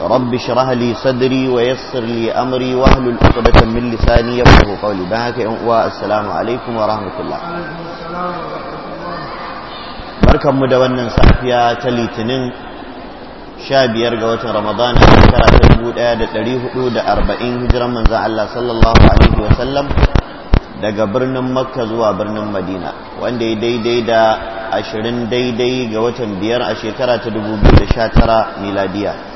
رب اشرح لي صدري ويسر لي امري واحلل عقدة من لساني يفقهوا قولي بهاك والسلام عليكم ورحمة الله barkan mu da wannan safiya ta litinin sha biyar ga watan ramadana shekara ta dubu daya da dari hudu da arba'in hijiran manzan Allah sallallahu alaihi daga birnin makka zuwa birnin madina wanda ya daidai da ashirin daidai ga watan biyar a shekara ta dubu biyu da sha tara miladiya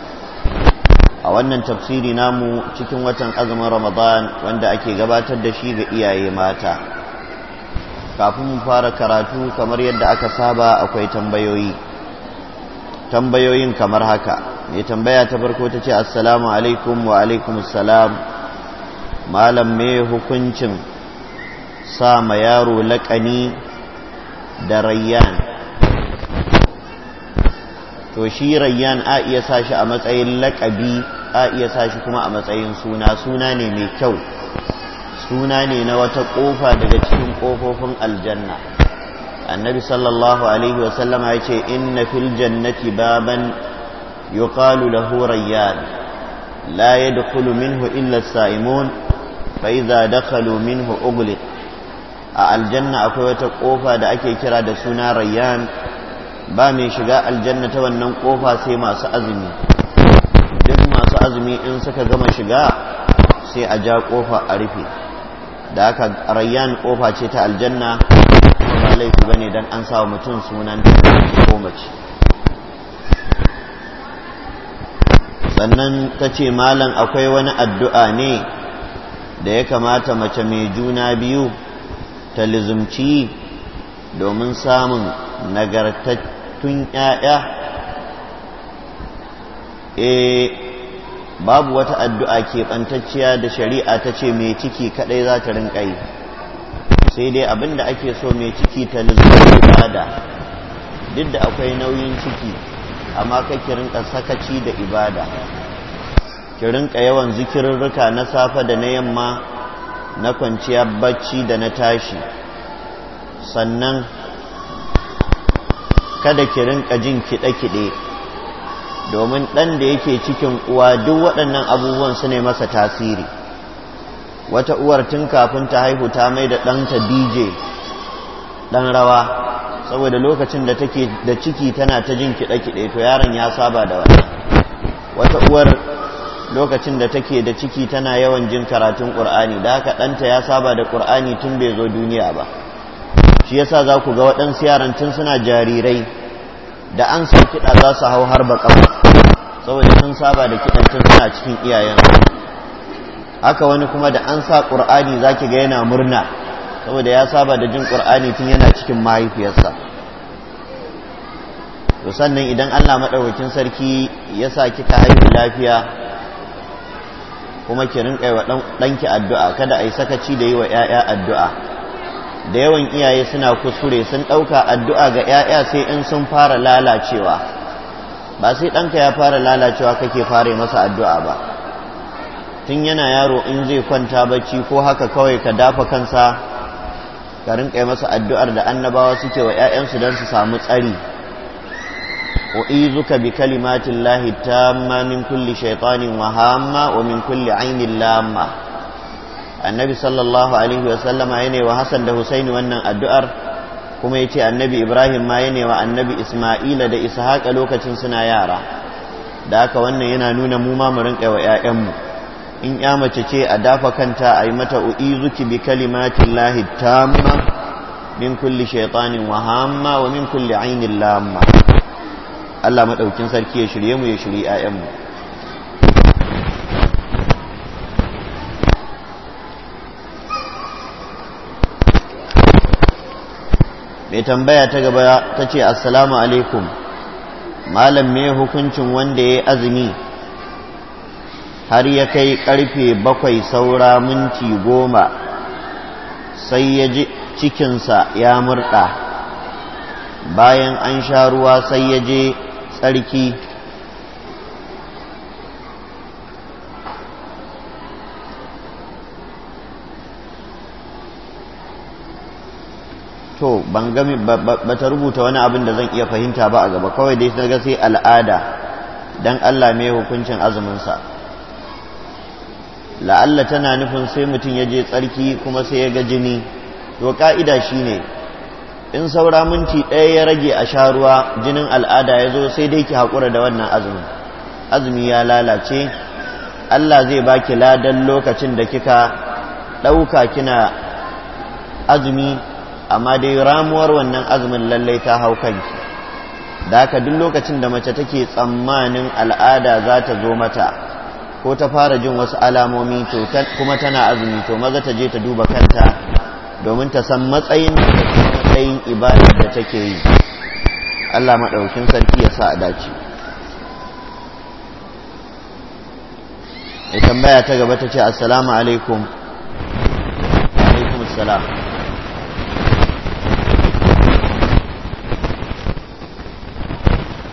a wannan tafsiri namu cikin watan azumin ramadan wanda ake gabatar da shi ga iyaye mata kafin mu fara karatu kamar yadda aka saba akwai tambayoyi tambayoyin kamar haka mai tambaya ta farko ta ce assalamu alaikum wa alaikum salam malam me hukuncin sa ma yaro laƙani da rayyan to shi rayyan a iya sa shi a matsayin laƙabi a iya sa shi kuma a matsayin suna suna ne mai kyau suna ne na wata ƙofa daga cikin ƙofofin aljanna annabi sallallahu alaihi wasallam ya ce inna fil jannati baban yuqalu lahu rayyan la yadkhulu minhu illa as-sa'imun fa idza dakhalu minhu ughliq a aljanna akwai wata ƙofa da ake kira da suna rayyan ba mai shiga aljanna ta wannan ƙofa sai masu azumi duk masu azumi in suka gama shiga sai a ja kofa a rufe da aka rayyan kofa ce ta aljanna ba laifi bane dan an sa mutum sunan da ko mace sannan ta ce malam akwai wani addu'a ne da ya kamata mace mai juna biyu ta lizumci domin samun nagartattun ‘ya'ya eh babu wata addu'a keɓantacciya da shari'a ta ce mai ciki kaɗai za ta rinƙa yi sai dai abinda da ake so mai ciki ta lizar ibada duk da akwai nauyin ciki amma ka rinƙa sakaci da ibada ki rinƙa yawan ruka na safe da na yamma na kwanciya bacci da na tashi sannan kada ki rinƙa jin kiɗe-kiɗe domin ɗan da yake cikin uwa duk waɗannan abubuwan su ne masa tasiri wata uwar tun kafin ta haihu ta mai da ɗanta dj ɗan rawa saboda lokacin da take da ciki tana ta jin kiɗe-kiɗe to yaron ya saba da wani wata uwar lokacin da take da ciki tana yawan jin karatun ƙur'ani da haka ɗanta ya saba da ƙur'ani tun bai zo duniya ba shi yasa za ku ga waɗansu yaran tun suna jarirai da an san kiɗa za su hau harba baƙa saboda sun saba da kiɗan tun suna cikin iyayen haka wani kuma da an sa ƙur'ani za ki ga yana murna saboda ya saba da jin ƙur'ani tun yana cikin mahaifiyarsa to sannan idan allah maɗaukakin sarki ya sa kika haihu lafiya kuma ki rinƙa wa ɗanki addu'a kada a yi sakaci da yi wa ‘ya'ya addu'a da yawan iyaye suna kuskure sun ɗauka addu'a ga ‘ya'ya sai in sun fara lalacewa ba sai ɗanka ya fara lalacewa kake fara masa addu'a ba tun yana yaro in zai kwanta bacci ko haka kawai ka dafa kansa ka rinƙa masa addu'ar da annabawa suke wa ‘ya'yansu don su samu tsari u'izuka bi kalimatin lahi ta min kulli shaitanin wahama hamma wa min kulli ainihin lamma annabi sallallahu alaihi wasallama ya ne wa hasan da husaini wannan addu'ar kuma ya ce annabi ibrahim ma ya ne wa annabi isma'ila da ishaqa lokacin suna yara da aka wannan yana nuna mu ma mu rinƙa wa 'ya'yanmu in ya mace ce a dafa kanta a yi mata u'izuki bi kalimatin lahi tamma min kulli shaitanin wa hamma wa min kulli ainin lamma Allah maɗaukin sarki ya shirye mu ya shirye 'ya'yanmu mai tambaya ta gaba ta ce assalamu alaikum malam me hukuncin wanda ya azumi har ya kai karfe bakwai saura minti goma sai ya ji cikinsa ya murɗa bayan an sha ruwa sai ya je tsarki ban ga ba rubuta wani abin da zan iya fahimta ba a gaba kawai dai na sai al'ada dan Allah mai hukuncin azuminsa la'alla tana nufin sai mutum ya je tsarki kuma sai ya ga jini to ka'ida shi ne in saura minti ɗaya ya rage a sha ruwa jinin al'ada ya zo sai dai ki haƙura da wannan azumi azumi ya lalace Allah zai baki ladan lokacin da kika ɗauka kina azumi amma dai ramuwar wannan azumin lallai ta hau kanki da haka duk lokacin da mace take tsammanin al'ada za ta zo mata ko ta fara jin wasu alamomi to kuma tana azumi to maza ta je ta duba kanta domin ta san matsayin da ta matsayin ibada da take yi Allah maɗaukin sarki ya sa a dace ita tambaya ta gaba ta ce assalamu alaikum alaikum assalam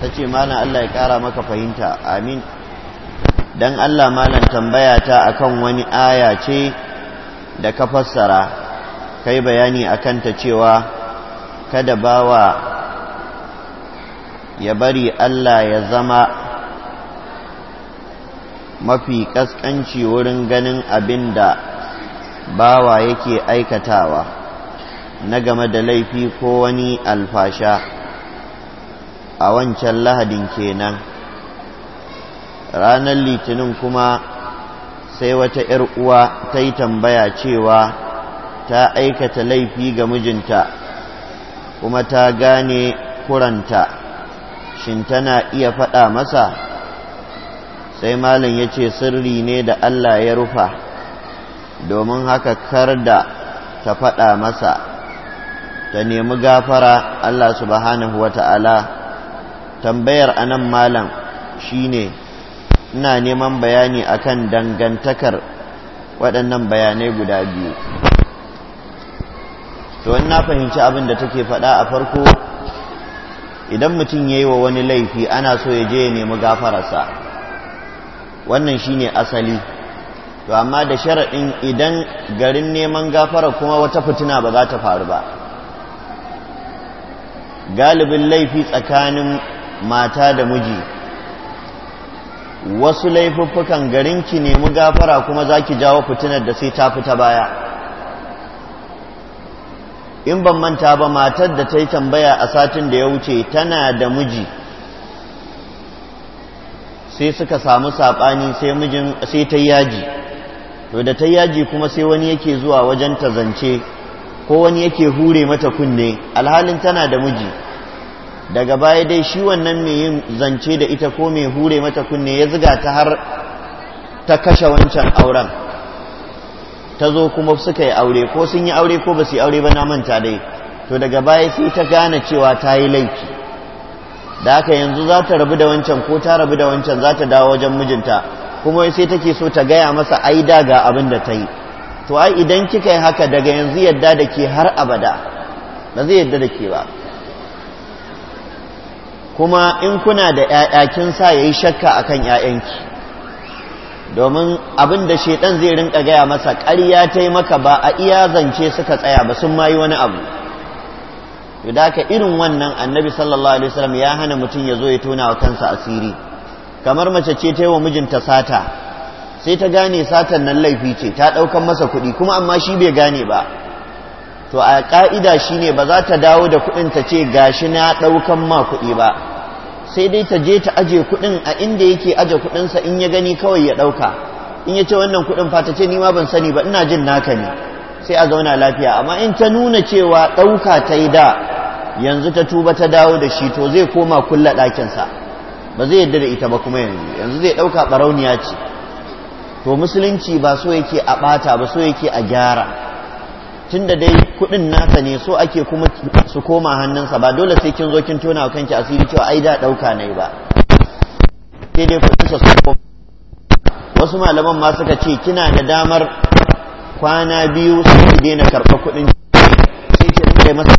ta ce malam Allah ya ƙara maka fahimta amin dan Allah malam tambaya ta akan wani aya ce da ka fassara kai bayani akan ta cewa kada bawa ya bari Allah ya zama mafi kaskanci wurin ganin abin da bawa yake aikatawa na game da laifi ko wani alfasha a wancan lahadin kenan ranar litinin kuma sai wata ‘yar uwa ta yi tambaya cewa ta aikata laifi ga mijinta kuma ta gane kuranta shin tana iya faɗa masa sai malam ya ce sirri ne da Allah ya rufa domin haka kar da ta faɗa masa ta nemi gafara Allah subhanahu wa ta'ala tambayar anan malam shine ina neman bayani akan dangantakar waɗannan bayanai guda biyu to in na fahimci abin da take faɗa a farko idan mutum ya yi wa wani laifi ana so ya je ya nemi gafararsa wannan shine asali to amma da sharaɗin idan garin neman gafara kuma wata fitina ba za ta faru ba galibin laifi tsakanin mata da miji wasu laifuffukan ne mu gafara kuma za ki jawo fitinar da sai ta fita baya in ban manta ba matar da ta yi tambaya a satin da ya wuce tana da miji sai suka samu saɓani sai mijin sai ta yaji to da ta yaji kuma sai wani yake zuwa wajen ta zance ko wani yake hure mata kunne alhalin tana da miji daga baya dai shi wannan mai yin zance da ita ko mai hure mata kunne ya ziga ta har ta kashe wancan auren ta zo kuma suka yi aure ko sun yi aure ko ba su yi aure ba na manta dai to daga baya sai ta gane cewa ta yi laifi da haka yanzu za ta rabu da wancan ko ta rabu da wancan za ta dawo wajen mijinta kuma sai take so ta gaya masa ai da ga abin da ta yi to ai idan kika yi haka daga yanzu yadda da ke har abada ba zai yadda da ke ba kuma in kuna da ‘ya'ya kin sa ya yi shakka a kan ‘ya'yanki domin abin da shaidan zai rinka gaya masa ƙarya ta yi maka ba a iya zance suka tsaya ba sun mayi wani abu ka irin wannan annabi sallallahu alaihi wasallam ya hana mutum ya zo ya tona wa kansa asiri kamar mace ce ta yi wa mijinta sata sai ta gane satan nan laifi ce ta ɗaukan masa kuɗi kuma amma shi bai gane ba to a ka'ida ne ba za ta dawo da kuɗin ta ce shi na ɗaukan ma kuɗi ba sai dai ta je ta aje kuɗin a inda yake aje kuɗinsa in ya gani kawai ya ɗauka in ya ce wannan kuɗin fa ta ce ni ma ban sani ba ina jin naka ne sai a zauna lafiya amma in ta nuna cewa ɗauka ta yi da yanzu ta tuba ta dawo da shi to zai koma kulla ɗakinsa ba zai yadda da ita ba kuma yanzu yanzu zai ɗauka ɓarauniya ce to musulunci ba so yake a ɓata ba so yake a gyara tun da dai kuɗin nasa ne so ake kuma su koma hannunsa ba dole sai kin zo kin tona wa kanki asiri cewa ai da dauka ne ba sai dai su wasu malaman ma suka ce kina da damar kwana biyu su ki daina karɓar kuɗin sai ki rinka masa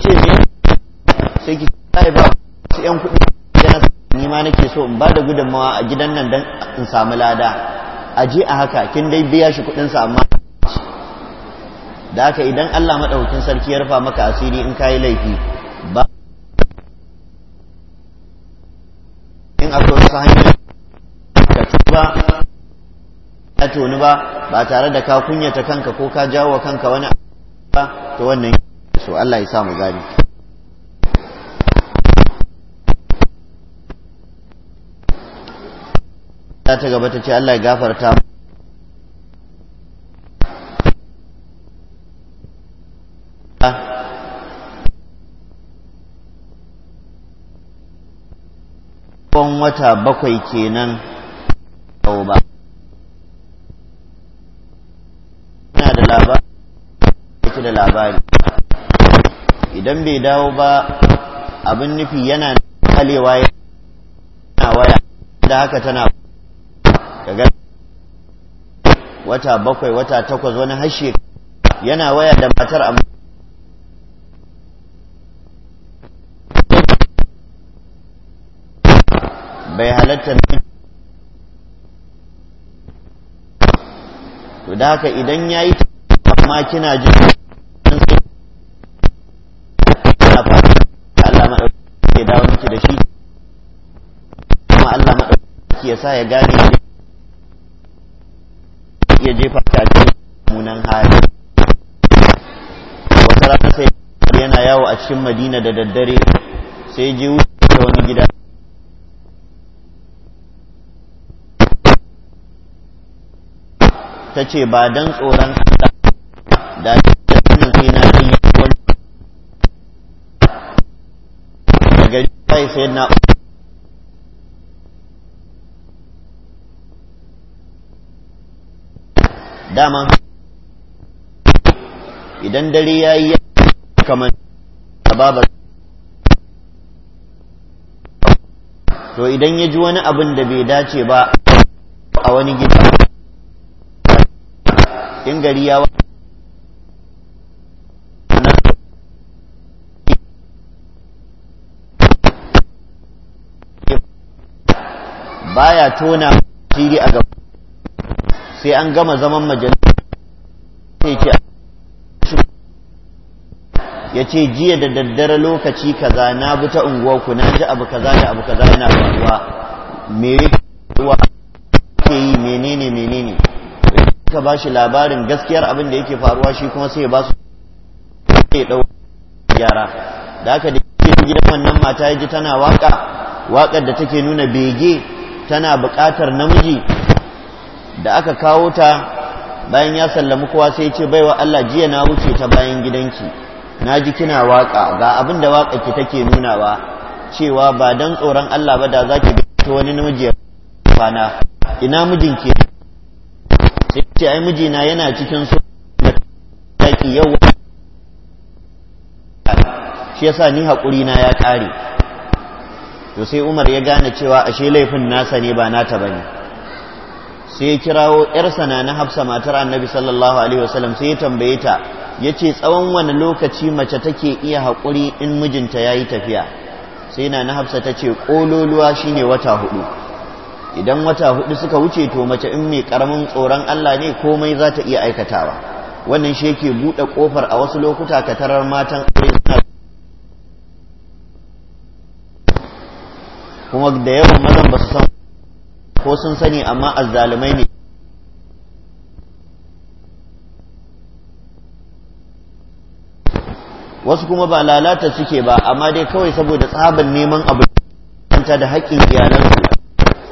ce me sai ki sai ba su yan kuɗi da ni ma nake so in ba da gudunmawa a gidan nan dan in samu lada a je a haka kin dai biya shi kuɗinsa amma da aka idan Allah maɗaukin sarki ya rufa maka asiri in kayi laifi ba in akwai wasu hanyar ka ba ya toni ba ba tare da ka kunyata kanka ko ka jawo kanka wani ba to wannan so Allah ya samu gani ta gaba ta ce Allah ya gafarta tsawon wata bakwai kenan ba yana da labari da labari idan bai dawo ba abin nufi yana kalewa yana waya da haka tana daga wata bakwai wata takwas wani hashe yana waya da matar amma halatta ne to da haka idan ya yi amma kina ji Allah maɗauki ya dawo miki da shi kuma Allah ya sa ya gane ya jefa ta cikin munan hali wata rana sai yana yawo a cikin madina da daddare sai ji ta ce ba don tsoron Allah da tattalin sai na yi wani daga kai sai na dama idan dare ya yi kamar babar to idan ya ji wani abin da bai dace ba a wani gida in gari ya baya tona shiri a gaba sai an gama zaman majalisa ce ya ce jiya da daddare lokaci kaza na bi ta unguwarku na ji abu kaza da abu kaza yana faruwa me suka ba shi labarin gaskiyar abin da yake faruwa shi kuma sai ba su ya dau yara da aka da ke gidan wannan mata ya ji tana waka wakar da take nuna bege tana bukatar namiji da aka kawo ta bayan ya sallami kowa sai ya ce baiwa Allah jiya na wuce ta bayan gidanki na ji kina waka ga abin da waka ki take nuna ba cewa ba dan tsoron Allah ba da zaki bi wani namiji ya kwana ina mijinki ce ai mijina yana cikin su taki yau shi yasa ni haƙuri na ya ƙare to sai Umar ya gane cewa ashe laifin nasa ne ba nata ba ne sai ya kirawo ƴarsa na na Hafsa matar Annabi sallallahu alaihi wasallam sai ya tambaye ta yace tsawon wani lokaci mace take iya haƙuri in mijinta ya yi tafiya sai na na Hafsa ta tace ƙololuwa shine wata huɗu. idan wata hudu suka wuce to mace in mai karamin tsoron Allah ne komai za ta iya aikatawa wannan shi yake buɗe kofar a wasu lokuta ka tarar matan aure suna kuma da yawan mazan ba su san ko sun sani amma azzalumai ne wasu kuma ba lalata suke ba amma dai kawai saboda tsabin neman abu da haƙƙin iyalansu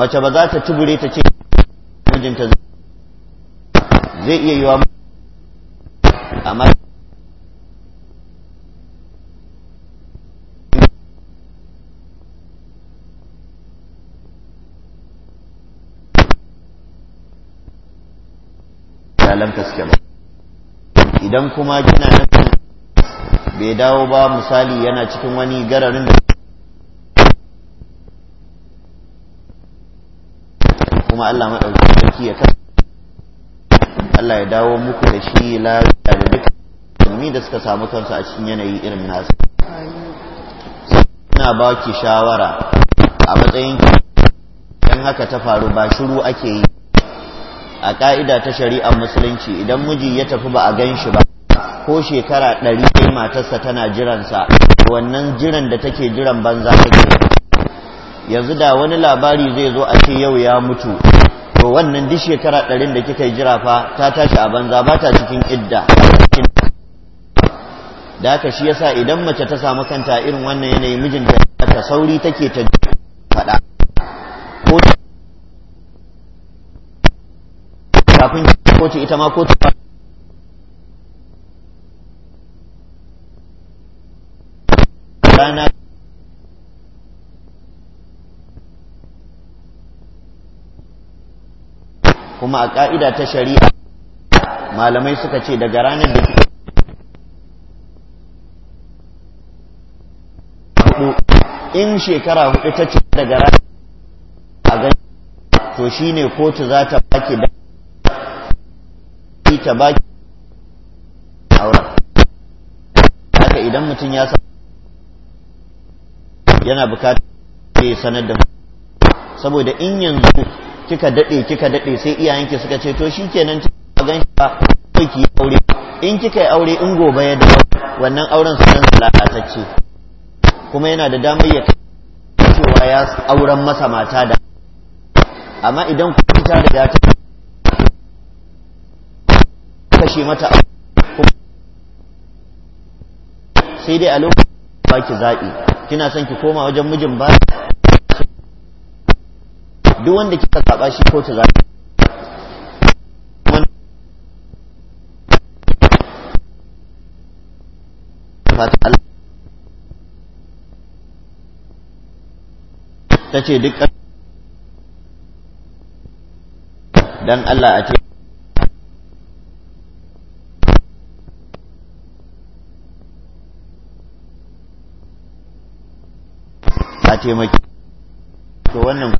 mace ba za ta tubure ta ce mijinta zai iya yiwa amma ba idan kuma gina bai dawo ba misali yana cikin wani gararin da kuma Allah madaukakin sarki ya kan Allah ya dawo muku da shi lafiya da duka musulmi da suka samu kansu a cikin yanayi irin nasu suna ba ki shawara a matsayin don haka ta faru ba shiru ake yi a ƙa'ida ta shari'ar musulunci idan miji ya tafi ba a gan shi ba ko shekara ɗari matarsa tana jiransa wannan jiran da take jiran banza take yanzu da wani labari zai zo a ce yau ya mutu to wannan duk shekara ɗarin da kika yi jira fa ta tashi a banza ba ta cikin idda da aka shi yasa idan mace ta samu kanta irin wannan yanayi mijinta ta sauri take ta faɗa ko kafin kotu ita ma kotu rana kuma a ka'ida ta shari'a malamai suka ce daga ranar da in shekara hudu ta ce daga ranar a gani to ne kotu za ta baki da ta baki aura haka idan mutum ya samu yana bukatar ya sanar da saboda in yanzu kika daɗe kika daɗe sai iyayenki suka ce to shi kenan a gan shi ba ki aure in kika yi aure in gobe ya dawo wannan auren sunan lalatacce kuma yana da damar ya cewa ya auren masa mata da amma idan ku fita da ta kashe mata sai dai a lokacin ba ki zaɓi kina son ki koma wajen mijin ba duk wanda kika zaba shi ko za ta ta ce duk dan Allah a ce a taimaki to wannan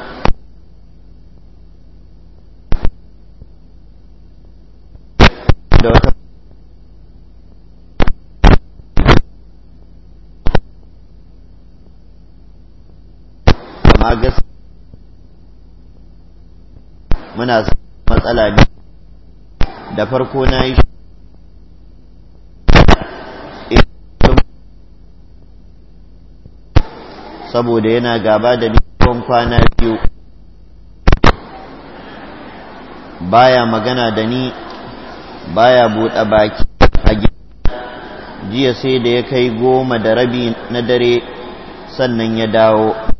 amma gaskiya matsala ne da farko na yi saboda yana gaba da nisan kwana biyu baya magana da ni baya buɗe baki a jiya sai da ya kai goma da rabi na dare sannan ya dawo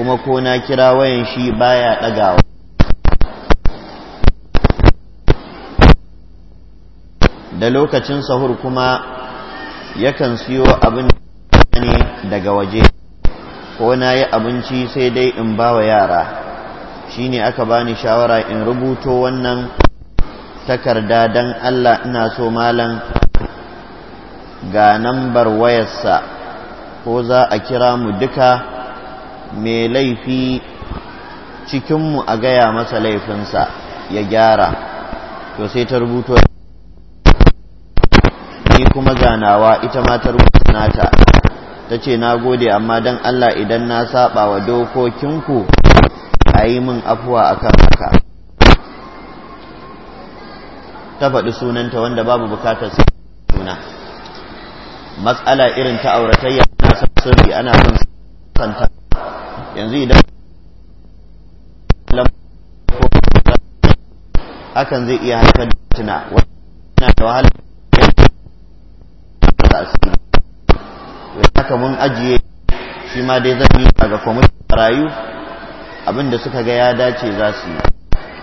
kuma ko na kira wayan shi baya dagawa. da lokacin sahur kuma yakan siyo abin ne daga waje ko na yi abinci sai dai in ba wa yara shi ne aka bani shawara in rubuto wannan takarda don Allah ina so malam ga nambar wayarsa ko za a kira mu duka mai laifi cikinmu a gaya masa laifinsa ya gyara to sai ta rubuto ni kuma ganawa ita ma ta rubuta nata ta ce na gode amma don Allah idan na saba wa dokokinku a yi min afuwa a kan haka ta faɗi sunanta wanda babu bukatar suna matsala irin ta auratayya na san ana son santa yanzu idan hakan zai iya haifar da tuna wani da wahala da asiri to haka mun ajiye shi ma dai zan yi ga kwamitin rayu abinda suka ga ya dace za su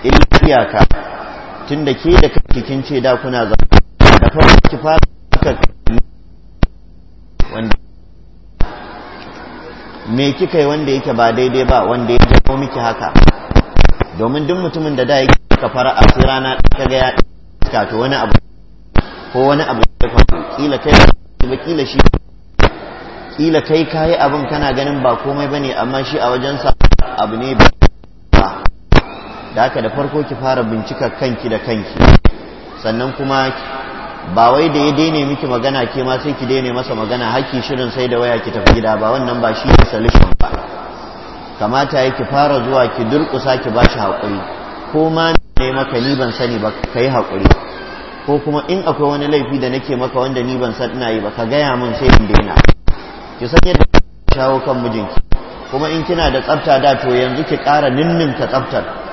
yi iyaka tun da ke da kake ce da kuna zama da fara ki fara me kika yi wanda yake ba daidai ba wanda ya jawo miki haka domin duk mutumin da da yake ka fara a sai rana ka ga ya ka to wani abu ko wani abu ya ka kila kai ba kila shi kila kai kayi abin kana ganin ba komai bane amma shi a wajen sa abu ne ba da haka da farko ki fara bincika kanki da kanki sannan kuma ba wai da ya daina miki magana ke ma sai ki daina masa magana haƙƙi shirin sai da waya ki tafi gida ba wannan ba shi ne solution ba kamata yake fara zuwa ki durƙusa ki ba shi haƙuri ko ma ne maka ni ban sani ba ka yi haƙuri ko kuma in akwai wani laifi da nake maka wanda ni ban san ina yi ba ka gaya min sai in daina ki san yadda shawo kan mijinki kuma in kina da tsafta da to yanzu ki ƙara ninninka tsaftar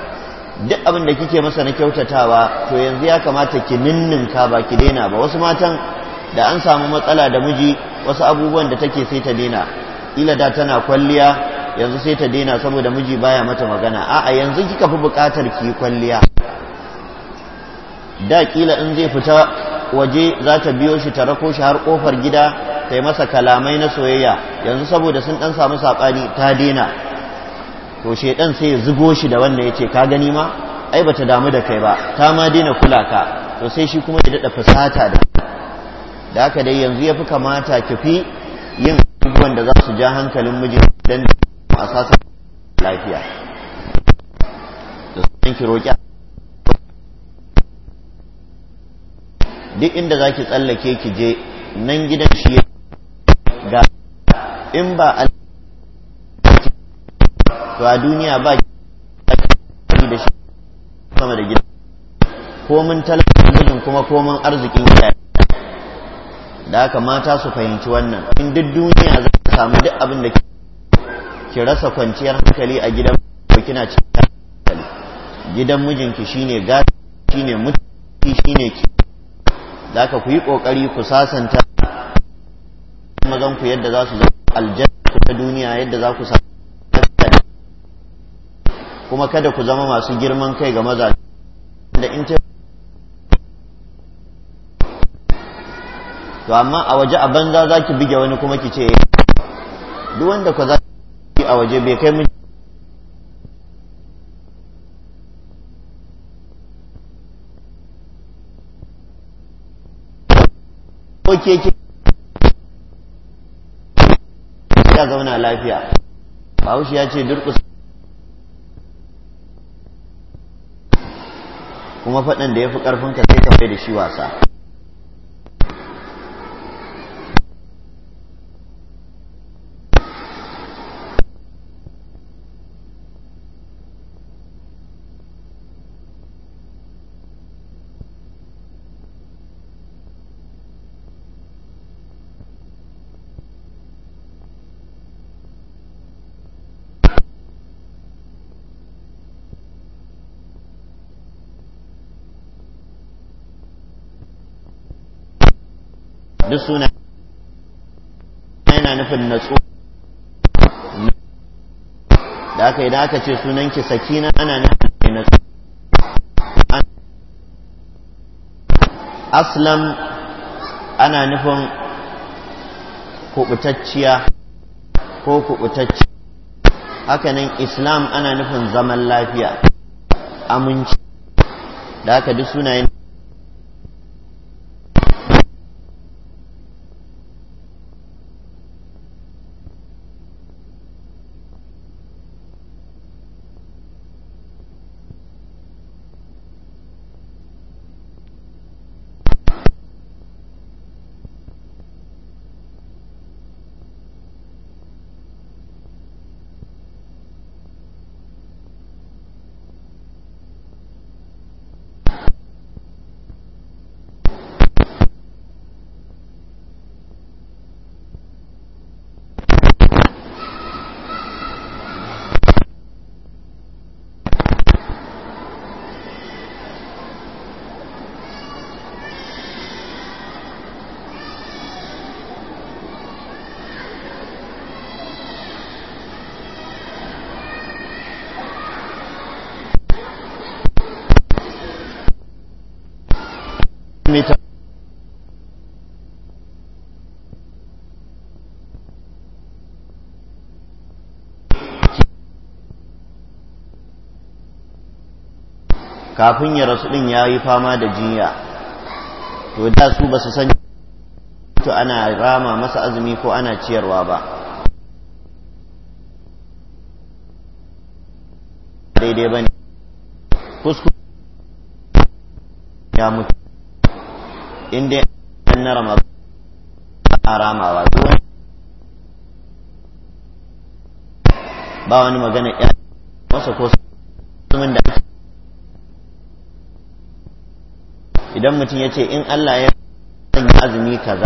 duk abin da kike masa na kyautatawa to yanzu ya kamata ki ninninka ba ki daina ba wasu matan da an samu matsala da miji wasu abubuwan da take sai ta daina ila da tana kwalliya yanzu sai ta daina saboda miji baya mata magana a'a yanzu kika fi buƙatar ki kwalliya da kila in zai fita waje za ta biyo shi ta rako shi har kofar gida ta masa kalamai na soyayya yanzu saboda sun dan samu saɓani ta daina to ɗan sai ya zugo shi da wanda ya ce ka gani ma ai bata damu da kai ba ta ma daina kula ka to sai shi kuma ya daɗa fasata da da haka dai yanzu ya fi kamata ki fi yin abubuwan da za su ja hankalin mijin dan a sasa lafiya da sun ki roƙi duk inda za ki tsallake ki je nan gidan shi ga in ba to a duniya ba ki da shi sama da gida ko mun mijin kuma ko mun arzikin iyaye da aka mata su fahimci wannan in duk duniya za ka samu duk abin da ki rasa kwanciyar hankali a gidan ko kina cikin hankali gidan mijinki shine gata shine mutunci shine ki da haka ku yi kokari ku sasanta magan ku yadda za su zama aljanna ta duniya yadda za ku samu kuma kada ku zama masu girman kai ga maza da in ta to amma a waje a banza za ki bige wani kuma ki ce duk wanda ku za a waje bai kai miji ko ke ke ya zauna lafiya bahaushe ya ce durƙusa kuma faɗin da ya fi ƙarfinka sai ka mai da shi wasa duk suna yana nufin natsu da aka yi da aka ce sunan ki sakina ana nufin natsu aslam ana nufin kubutacciya ko kubutacci hakanan islam ana nufin zaman lafiya aminci da aka duk sunayen kafin ya rasu din ya yi fama da jinya to da su ba su san to ana rama masa azumi ko ana ciyarwa ba daidai ba ne ya mutu inda ya na rama a ramawa ba wani magana ya masa ko idan mutum ya ce in Allah ya sanya azumi kaza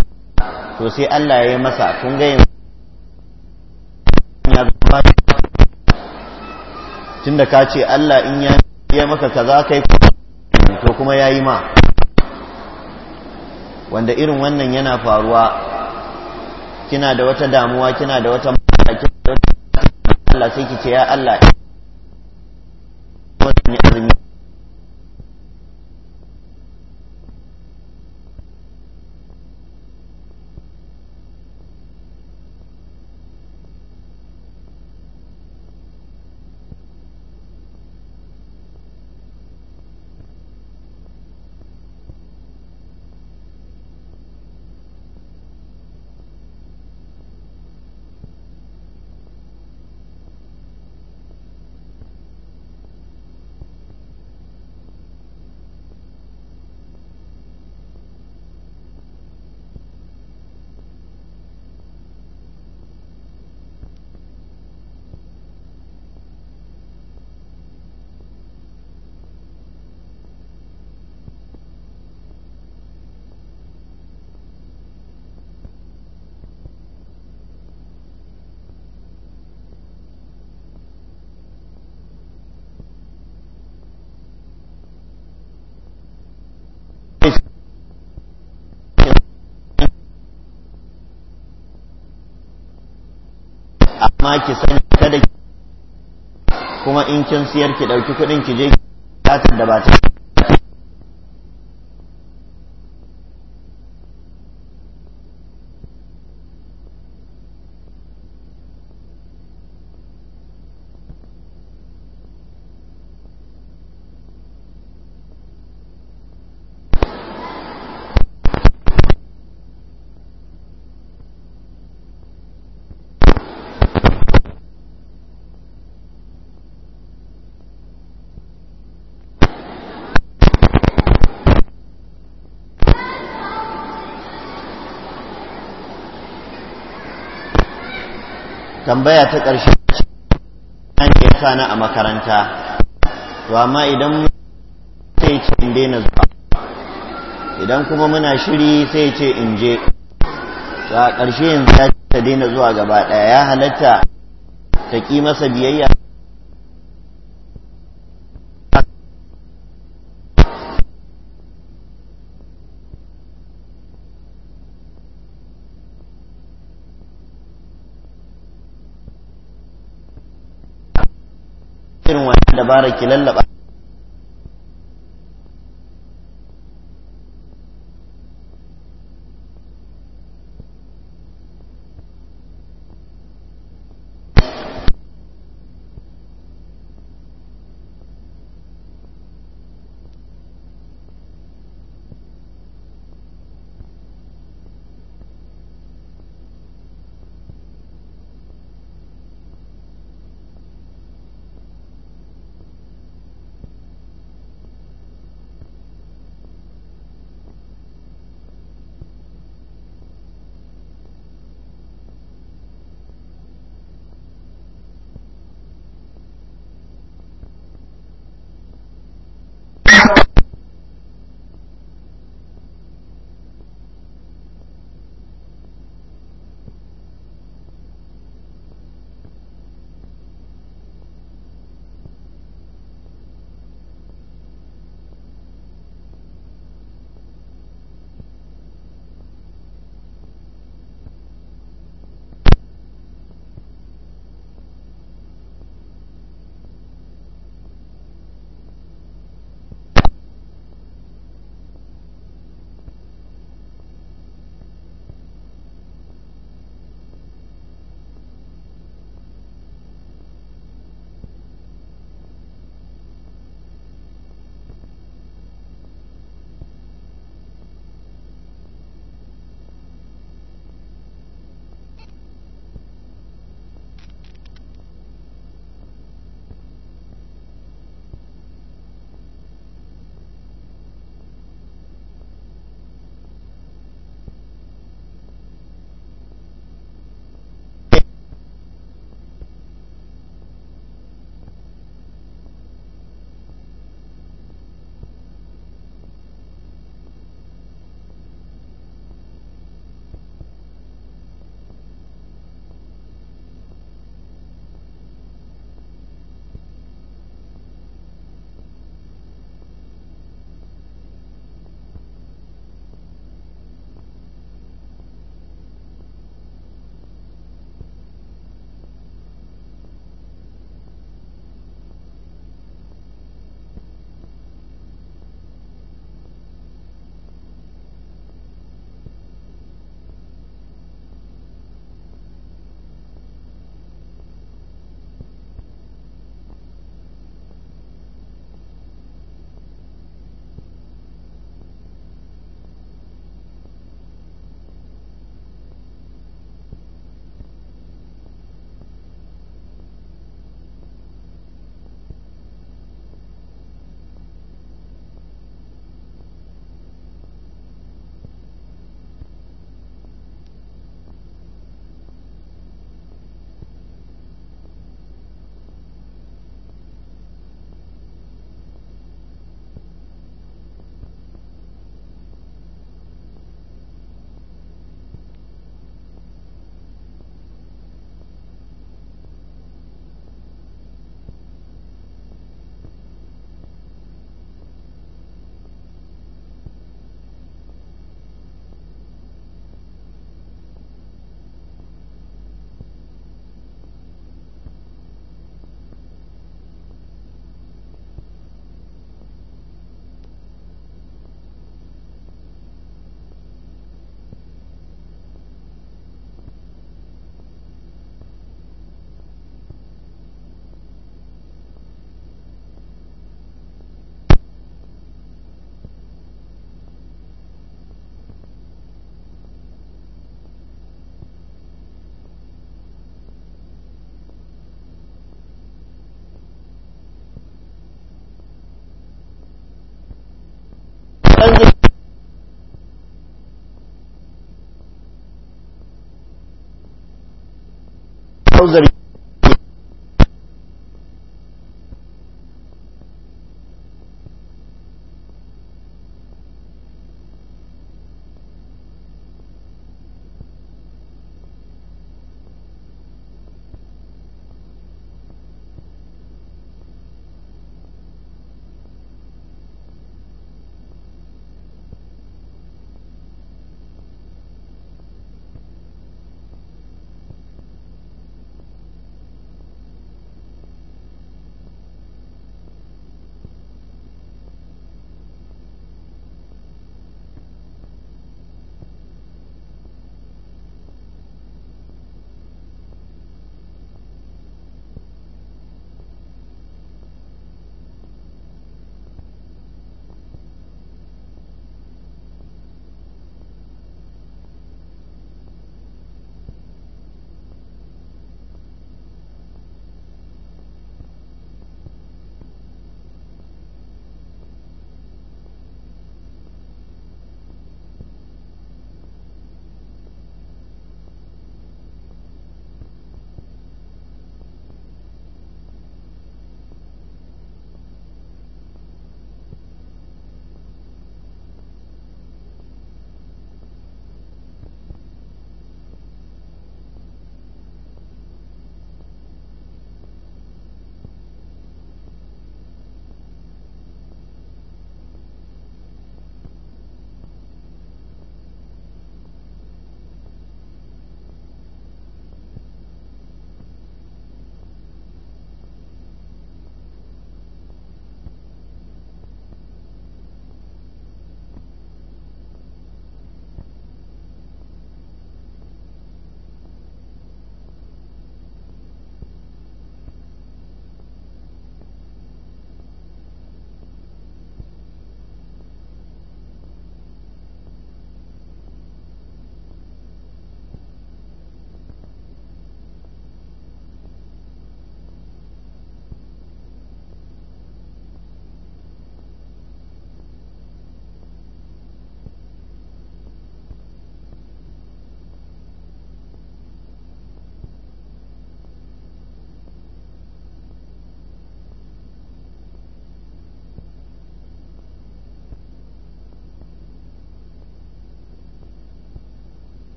to sai Allah ya yi masa kun ga yanzu ya zama tunda ka ce Allah in ya yi maka kaza kai to kuma ya yi ma wanda irin wannan yana faruwa kina da wata damuwa kina da wata wata Allah sai ki ce ya Allah amma ki sani kada kuma in kin siyar ki ɗauki kuɗin ki je ki da ba ta tambaya ta ƙarshe an ke sana a makaranta to amma idan sai ce in daina zuwa idan kuma muna shiri sai ce in je to a ƙarshe yanzu ya ta daina zuwa gaba ɗaya ya halatta ta ƙi masa biyayya da ki lallaba کریں گے ذریعہ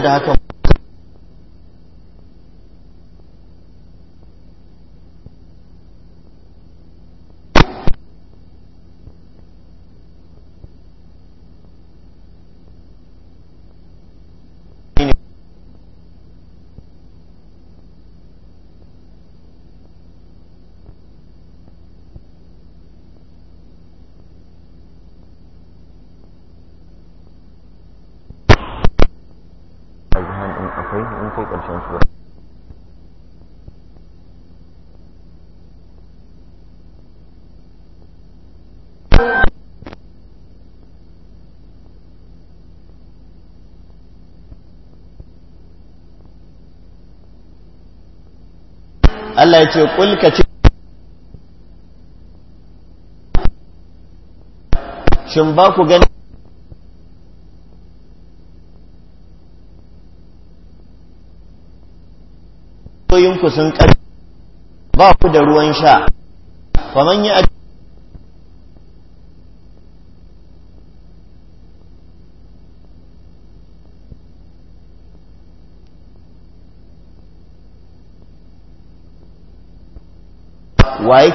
da haka الشمس الله يتي لك كتي باكو جن ku sun ƙarfi ba ku da ruwan sha faman yi waye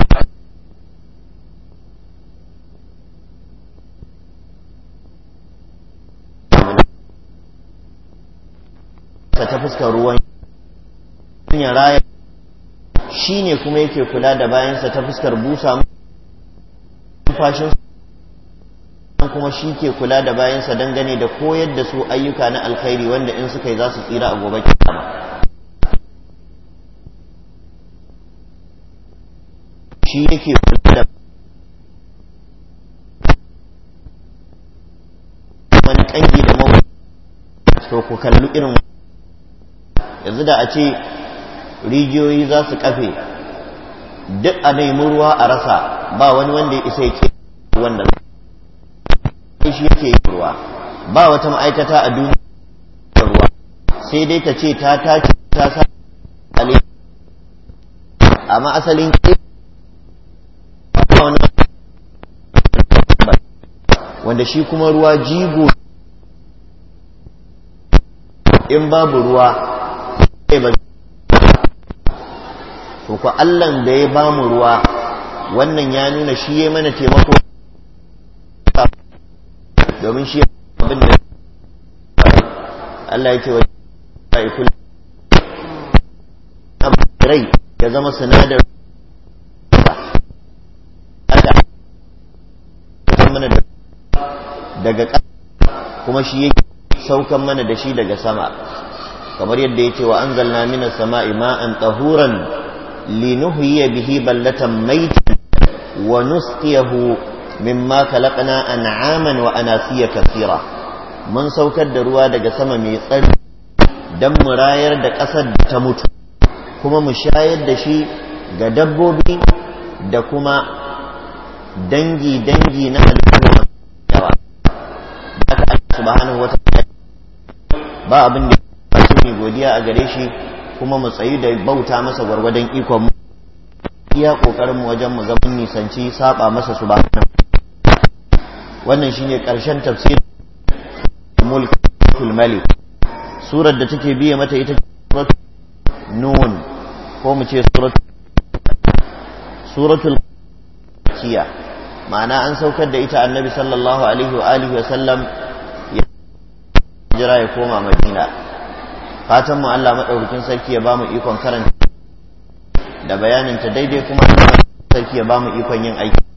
ta fuskar ruwan ya raya shi ne kuma yake kula da bayansa ta fuskar busa numfashin kuma shi ke kula da bayansa dangane da koyar da su ayyuka na alkhairi wanda in suka yi za su tsira a gobe kiyama shi yake kula da wani kangi da mawa to ku kallu irin yanzu da a ce rijiyoyi za su kafe duk a nemi ruwa a rasa ba wani wanda ya isa ya ke wanda shi yake yi ruwa ba wata ma'aikata a duniya ruwa sai dai ta ce ta tace ta sa amma asalin ke wanda shi kuma ruwa jigo in babu ruwa ba to ku Allah da ya ba mu ruwa wannan ya nuna shi ya mana taimako domin shi abin da Allah ya ce wa ikul rai ya zama sanadar mana daga kuma shi yake saukan mana da shi daga sama kamar yadda ya ce wa anzalna minas sama'i ma'an tahuran linuhyiya bihi ballatan maitan wa nusqiyahu mimma khalaqna an'aman wa anasiya kaseera mun saukar da ruwa daga sama mai tsari dan mu rayar da ƙasar ta mutu kuma mu shayar da shi ga dabbobi da kuma dangi dangi na al'umma yawa da ka subhanahu wa ta'ala ba abin da ba godiya a gare shi kuma mu tsayi da bauta masa gwargwadon ikon mu iya kokarin mu wajen mu nisanci saba masa ba. wannan shine karshen tafsirin mulkul malik surar da take biye mata ita surat nun ko mu ce suratul kiya ma'ana an saukar da ita annabi sallallahu alaihi wa alihi wa sallam ya ya koma madina fatan mu Allah madaukakin sarki ya bamu ikon karanta da bayanin ta daidai kuma sarki ya bamu ikon yin aiki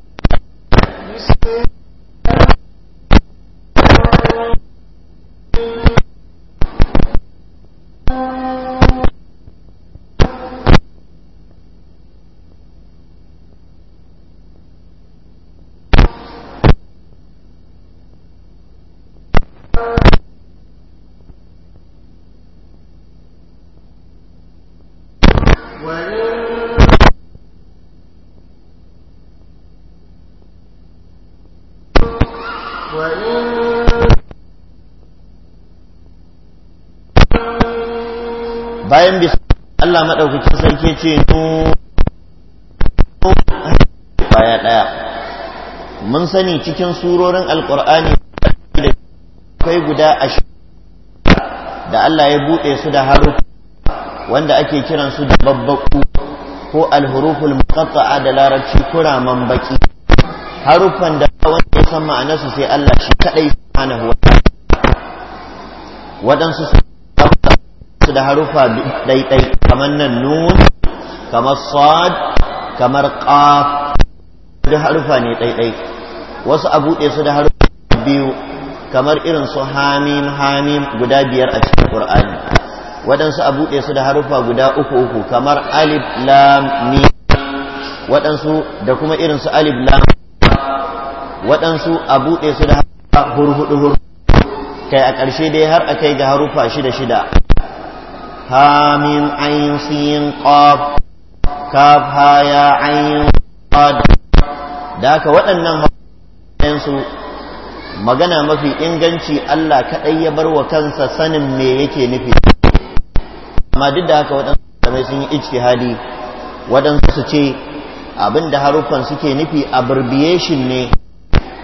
bayan bisa Allah maɗaukakin sarki ce nu baya ɗaya mun sani cikin surorin alƙur'ani da kai guda a da Allah ya buɗe su da haruka wanda ake kiran su da babbaku ko alhuruful muqatta'a da larabci kuraman baki harufan da wanda ya san ma'anarsu sai Allah shi kadai subhanahu wa waɗansu su su da harufa ɗaiɗai kamar nan nun kamar sad kamar ƙaf da harufa ne ɗaiɗai wasu a buɗe su da harufa biyu kamar irin su hamim hamim guda biyar a cikin ƙur'ani waɗansu a buɗe su da harufa guda uku uku kamar alif lam mim waɗansu da kuma irin su alif lam waɗansu a buɗe su da harufa hurhudu hurhudu kai a ƙarshe dai har a kai ga harufa shida shida هامين عين سين قاب كاب هايا عين قاد داك waɗannan su magana mafi inganci Allah kaɗai ya bar wa kansa sanin me yake nufi amma duk da haka waɗansu mai sun yi ijtihadi waɗansu su ce abin da haruffan suke nufi abbreviation ne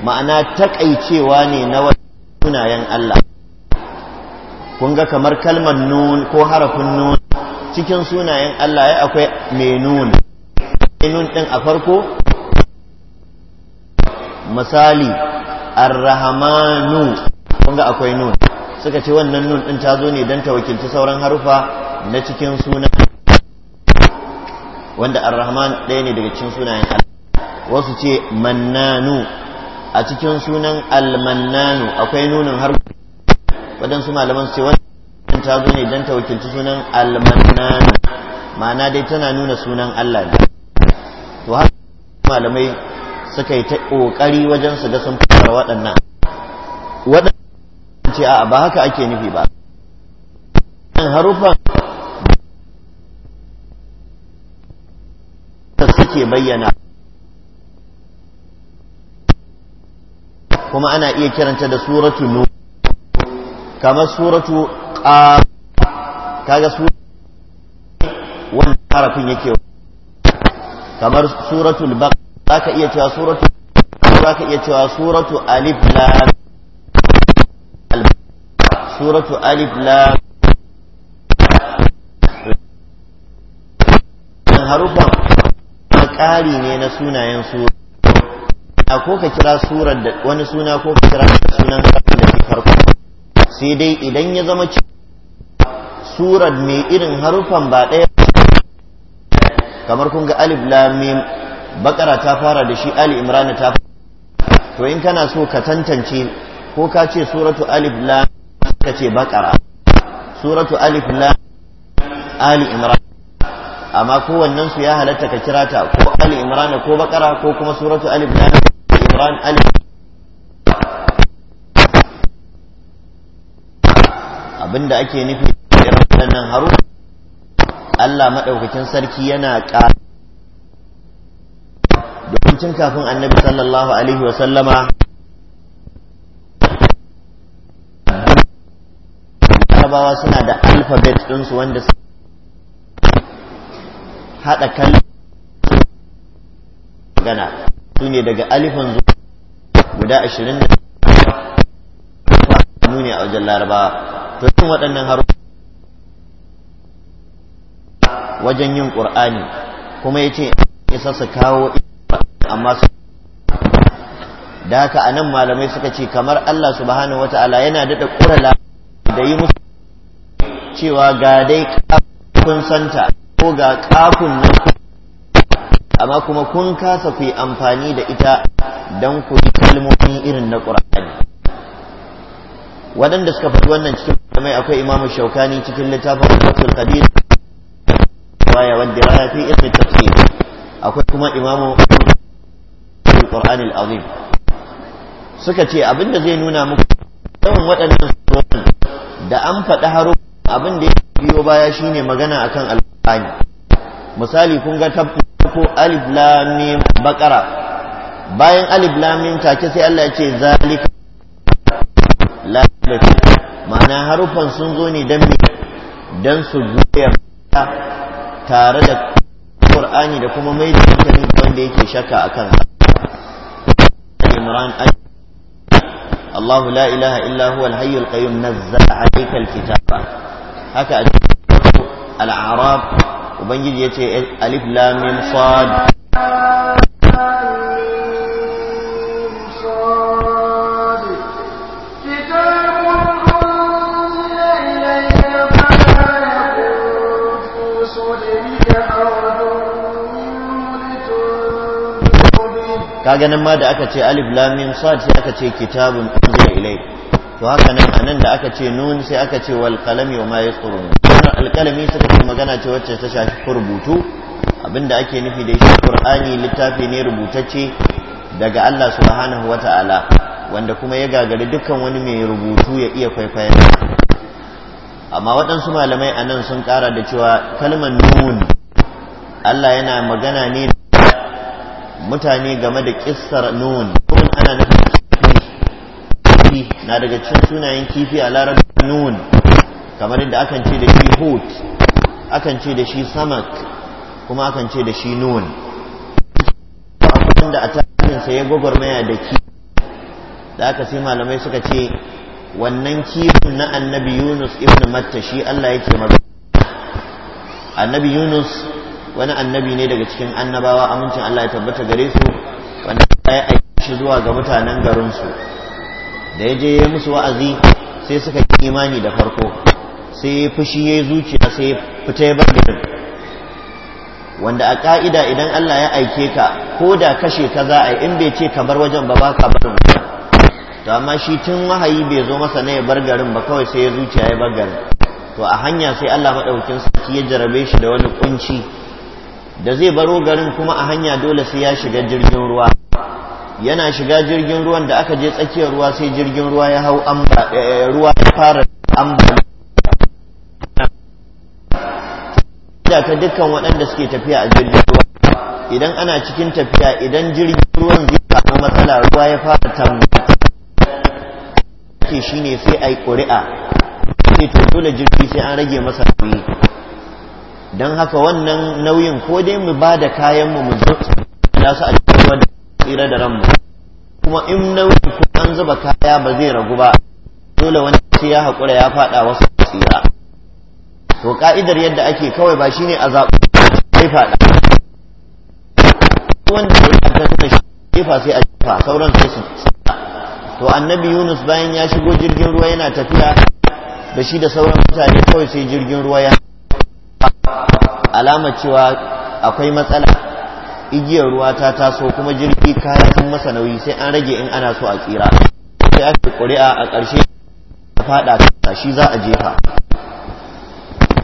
ma'ana takaicewa ne na sunayen Allah kun ga kamar kalmar nun ko harafin nun cikin sunayen Allah ya akwai menun menun din a farko misali arrahmanu kun ga akwai nun suka ce wannan nun din ta zo ne don ta wakilci sauran harufa na cikin suna wanda arrahman ɗaya ne daga cikin sunayen Allah wasu ce mannanu a cikin sunan almannanu akwai nunin harufa waɗansu malaman su ce wannan ta zo ne don ta wakilci sunan almanan ma'ana dai tana nuna sunan Allah ne to haka malamai suka yi ta ƙoƙari wajen su ga sun fara waɗannan waɗannan ce a ba haka ake nufi ba harufan da suke bayyana kuma ana iya kiranta da suratu nur kamar suratu ƙaf kaga suratu wani harafin yake kamar suratul baq ka iya cewa suratu ka iya cewa suratu alif la suratu alif lam harufan ƙari ne na sunayen suratu a ko ka kira surar da wani suna ko ka kira sunan da ke farko sai dai idan ya zama cewa surar mai irin harufan ba ɗaya kamar kun ga alif lamim bakara ta fara da shi ali imrana ta fara. to in kana so ka tantance ko ka ce suratu alif lamim ka ce bakara suratu alif lamim ali imran amma kowannen su ya halatta ka kira ta ko ali imran ko bakara ko kuma suratu alif lamim imran alif abinda ake nufi da waɗannan haru Allah madaukakin sarki yana ƙara domin cin kafin annabi sallallahu alaihi wa sallama larabawa suna da alfabet ɗinsu wanda su haɗa kallon gana su ne daga alifin zuwa guda ashirin da nuni a wajen larabawa to yin waɗannan harufa wajen yin ƙur'ani kuma ya ce isa su kawo amma su da haka a nan malamai suka ce kamar Allah subhanahu wata'ala yana daɗa ƙurala da yi musu cewa ga dai kafin santa ko ga kafin nan amma kuma kun kasa ku yi amfani da ita don ku yi kalmomi irin na ƙur'ani waɗanda suka faɗi wannan cikin kamar akwai imamu shaukani cikin littafin fatul qadir waya wanda diraya fi ilmi tafsir akwai kuma imamu al-qur'an al-azim suka ce abinda zai nuna muku yawan waɗannan surorin da an faɗi haro abin da ya biyo baya shine magana akan al-qur'ani misali kun ga ko alif lam mim baqara bayan alif lam mim take sai Allah ya ce zalika la ma'ana harufan sun zo ne don don su goya tare da Qur'ani da kuma mai da hankali wanda yake shakka akan Imran الله لا إله إلا هو الحي القيوم نزل عليك الكتاب ya الأعراب وبنجد يتي ألف لام صاد ka ganin ma da aka ce alif lamim sad sai aka ce kitabun unzila ilai to haka nan anan da aka ce nun sai aka ce wal qalami wa ma yasturun wannan alqalami suka ce magana ce wacce ta shafi rubutu abinda ake nufi da shi kur'ani littafi ne rubutacce daga Allah subhanahu ta'ala wanda kuma ya gagari dukkan wani mai rubutu ya iya kwaikwayon amma waɗansu malamai anan sun ƙara da cewa kalmar nun Allah yana magana ne mutane game da kissar nun nun ana nufin kifi na daga cikin sunayen kifi a larabci nun kamar yadda akan ce da shi hut akan ce da shi samak kuma akan ce da shi nun wanda a tarihinsa ya gwagwarmaya da ki. da aka sai malamai suka ce wannan kifin na annabi yunus ibn matta shi allah yake magana annabi yunus wani annabi ne daga cikin annabawa amincin Allah ya tabbata gare su wanda ya aiki zuwa ga mutanen garinsu. da ya je ya musu wa'azi sai suka yi imani da farko sai ya fushi ya zuciya sai ya fita ya bar garin wanda a ka'ida idan Allah ya aike ka ko da kashe ka za a yi in bai ce ka bar wajen ba ba ka bar to amma shi tun wahayi bai zo masa na ya bar garin ba kawai sai ya zuciya ya bar garin to a hanya sai Allah maɗaukin sarki ya jarabe shi da wani kunci da zai baro garin kuma a hanya dole sai ya shiga jirgin ruwa yana shiga jirgin ruwan da aka je tsakiyar ruwa sai jirgin ruwa ya hau eh, ruwa ya fara ambaliya ta dukkan waɗanda suke tafiya a jirgin ruwa idan ana cikin tafiya idan jirgin ruwan zai samu matsala ruwa ya fara tambata ke shine sai a yi ƙuri'a sai to dole jirgi sai an rage masa nauyi don haka wannan nauyin ko dai mu ba da kayan mu mu da su a cikin wadda tsira da ranmu kuma in nauyin ko an zuba kaya ba zai ragu ba dole wani sai ya haƙura ya faɗa wasu tsira to ka'idar yadda ake kawai ba shine a zaɓi sai faɗa wanda ya yi ta nuna shi jefa sai a jefa sauran sai su to annabi yunus bayan ya shigo jirgin ruwa yana tafiya da shi da sauran mutane kawai sai jirgin ruwa ya alama cewa akwai matsala igiyar ruwa ta taso kuma jirgi kaya sun masa nauyi sai an rage in ana so a tsira sai ake ƙuri'a a ƙarshe ta faɗa ta shi za a jefa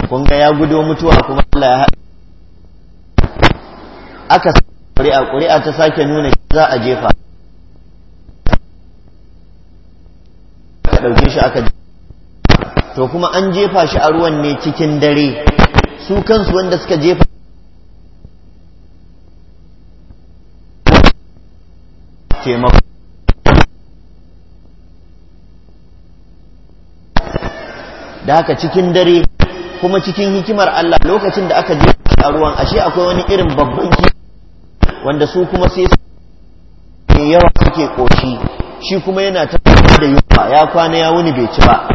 kun ga ya gudo mutuwa kuma Allah ya haɗa aka ƙuri'a ƙuri'a ta sake nuna shi za a jefa ka ɗauke shi aka to kuma an jefa shi a ruwan ne cikin dare su kansu wanda suka jefa taimako da haka cikin dare kuma cikin hikimar Allah lokacin da aka je a ruwan ashe akwai wani irin babban kifi wanda su kuma sai su yawa suke koshi shi kuma yana ta da yunwa ya kwana ya wuni bai ci ba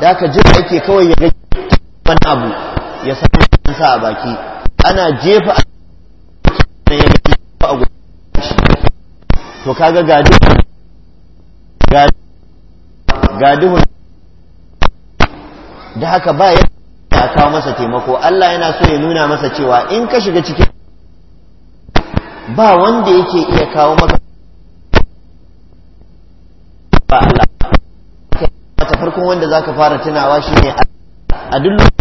da haka jira yake kawai ya ga wani abu ya sa sa a baki ana jefa a ya ga a gudanar to kaga ga duhun da haka ba ya kawo masa taimako Allah yana so ya nuna masa cewa in ka shiga cikin ba wanda yake iya kawo maka ba Allah ta farkon wanda zaka fara tunawa shine a duk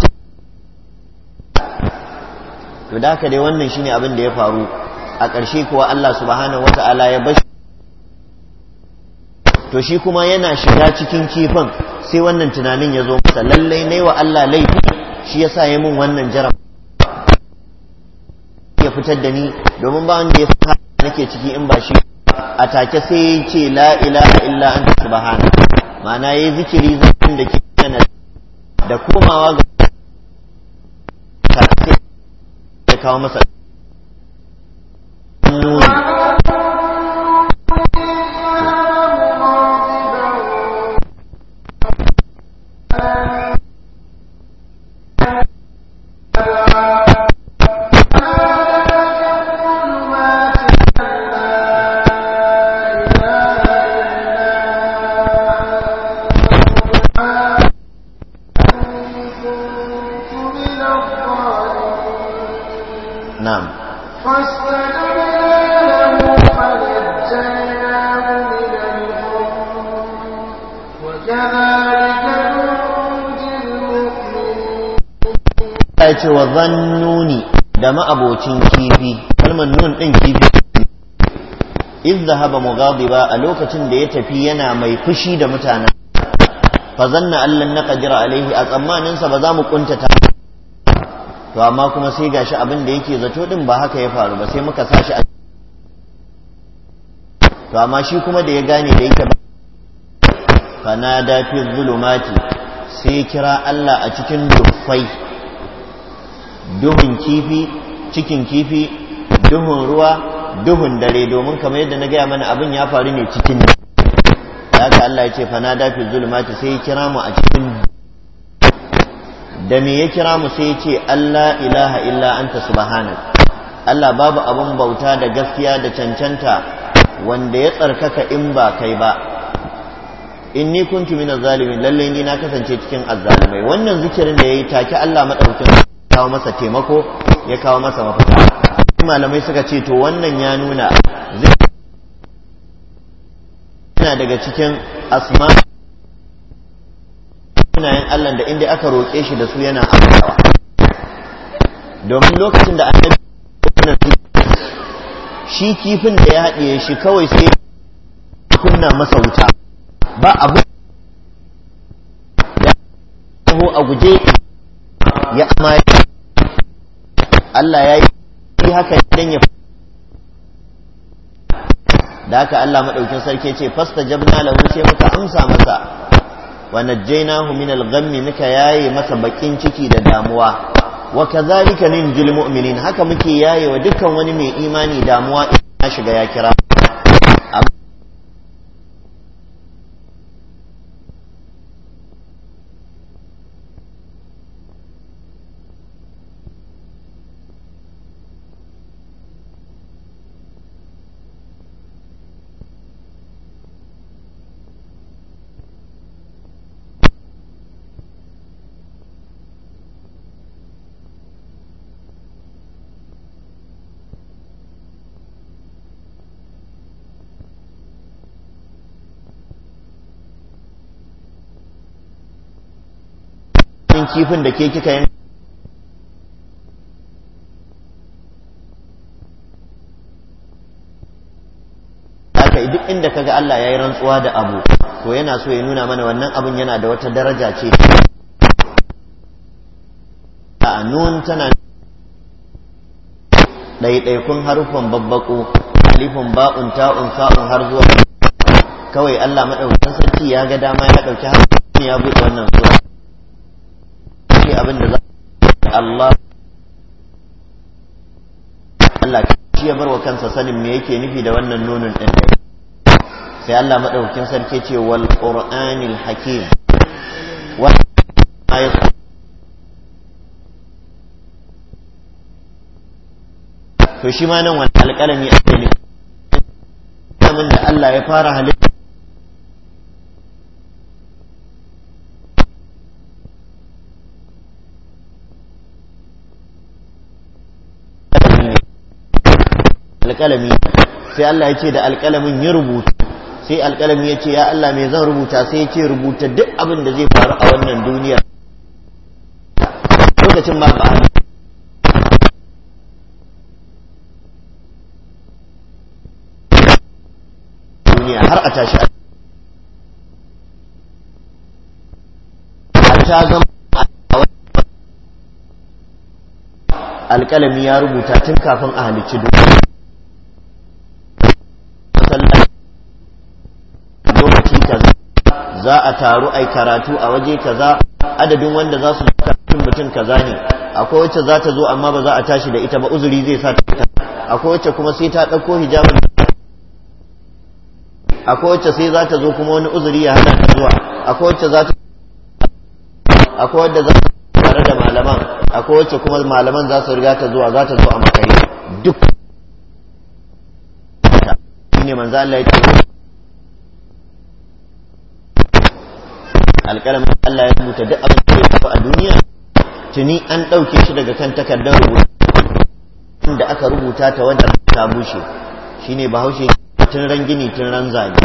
to da haka dai wannan shine abin da ya faru a ƙarshe kuwa Allah subhanahu wata'ala ya bashi to shi kuma yana shiga cikin kifin sai wannan tunanin ya zo masa lallai ne wa Allah laifi shi ya sa ya mun wannan jara ya fitar da ni domin ba wanda ya fara nake ciki in ba shi a take sai ya ce la ilaha illa anta subhana ma'ana yayi zikiri zan da ke da komawa ga kawo masa zahaba ba a lokacin da ya tafi yana mai fushi da mutanen fa zanna allan naqdir alaihi a tsammanin sa ba za mu kuntata to amma kuma sai gashi abin da yake zato din ba haka ya faru ba sai muka sashi a to amma shi kuma da ya gane da yake fa nada fi zulumati sai kira Allah a cikin dufai duhun kifi cikin kifi duhun ruwa duhun dare domin kamar yadda na gaya mana abin ya faru ne cikin da aka Allah ya ce fana dafi zulmati sai ya kira mu a cikin da me ya kira mu sai ya ce Allah ilaha illa anta subhanak Allah babu abin bauta da gaskiya da cancanta wanda ya tsarkaka in ba kai ba In ni kuntu min zalimin lalle ni na kasance cikin azzalimai wannan zikirin da ya yi take Allah madaukin kawo masa taimako ya kawo masa mafita malamai suka ce to wannan ya nuna zai yana daga cikin asma sunayen Allah da inda aka roƙe shi da su yana amsawa domin lokacin da annabi shi kifin da ya haɗiye shi kawai sai kunna masa wuta ba abu da Ya a guje ya amma Allah ya yi yi haka dan ya da haka Allah madaukin sarki ce fastajabna lahu sai muka amsa masa wa najjaynahu min al-ghammi muka yaye masa bakin ciki da damuwa wa kadhalika ninjil mu'minin haka muke yaye wa dukkan wani mai imani damuwa in ya shiga ya kira kifin da ke kika yanka duk inda kaga Allah ya yi rantsuwa da abu to yana so ya nuna mana wannan abin yana da wata daraja ce a nun tana ɗaiɗaikun harufan babbaƙo alifin ba'un ta'un sa'un har zuwa kawai Allah maɗaukakin sarki ya ga dama ya ɗauki harufan ya buɗe wannan sura abin da za Allah Allah shi ya barwa kansa sanin me yake nufi da wannan nunin din sai Allah madaukakin sarki ce wal qur'anil hakim wa to shi ma nan wani alƙalami a ne da Allah ya fara halitta alƙalami sai Allah ya ce da alƙalamin ya rubuta sai alƙalami ya ce ya Allah mai zan rubuta sai ya ce rubuta duk abin da zai faru a wannan duniya lokacin ba ba duniya har a tashi alƙalami ya rubuta tun kafin a halicci duniya za a taru a karatu a waje kaza adadin wanda za su karatun mutum kaza ne akwai wacce za ta zo amma ba za a tashi da ita ba uzuri zai sa ta akwai wacce kuma sai ta ɗauko hijabin akwai wacce sai za ta zo kuma wani uzuri ya hana ta zuwa akwai wacce za ta akwai wadda za ta tare da malaman akwai wacce kuma malaman za su riga ta zuwa za ta zo a makare duk ne manzo Allah ya ce alƙalamin Allah ya rubuta duk abin da ya a duniya tuni an ɗauke shi daga kan takardar rubutu da aka rubuta ta wadda ta bushe Shi shine bahaushe tun ran gini tun ran zane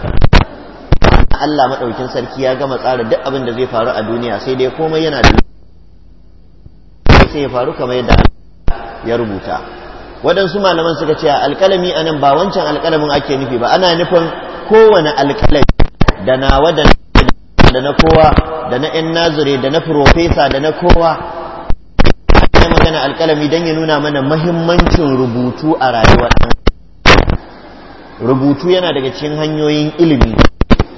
Allah maɗaukin sarki ya gama tsara duk abin da zai faru a duniya sai dai komai yana da sai ya faru kamar yadda ya rubuta waɗansu malaman suka ce alƙalami a nan ba wancan alƙalamin ake nufi ba ana nufin kowane alƙalami da nawa da da na kowa da na yan nazure da na profesa da na kowa ya magana alkalami don ya nuna mana mahimmancin rubutu a rayuwar rubutu yana daga cikin hanyoyin ilimi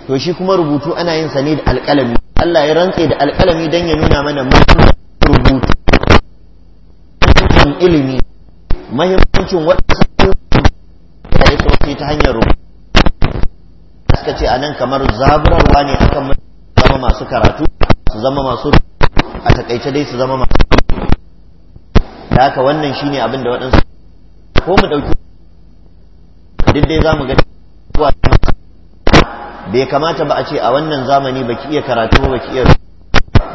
to shi kuma rubutu ana yin sa ne da alkalami Allah ya rantse da alkalami don ya nuna mana mahimmancin rubutu ilimi mahimmancin waɗansu ta hanyar rubutu suka ce a nan kamar zaburarwa ne akan masu karatu su zama masu a takaice dai su zama masu da haka wannan shine ne abinda waɗansu ko mu ɗauki duk dai za mu ga bai kamata ba a ce a wannan zamani baki iya karatu ba baki iya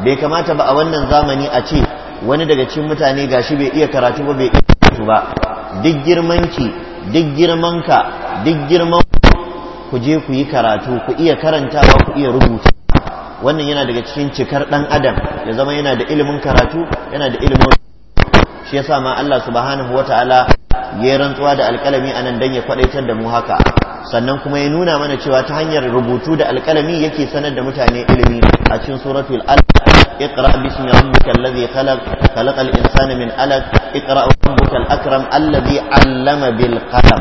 bai kamata ba a wannan zamani a ce wani daga cikin mutane gashi bai iya karatu ba bai iya karatu ba duk girmanki duk girmanka duk girman ku je ku yi karatu ku iya karantawa ku iya rubuta wannan yana daga cikin cikar dan adam ya zama yana da ilimin karatu yana da ilimin shi yasa ma Allah subhanahu wataala ya rantsuwa da alkalami anan dan ya kwadaitar da mu haka sannan kuma ya nuna mana cewa ta hanyar rubutu da alkalami yake sanar da mutane ilimi a cikin suratul alaq اقرأ باسم ربك الذي خلق خلق الإنسان من ألق اقرأ ربك الأكرم الذي علم بالقلم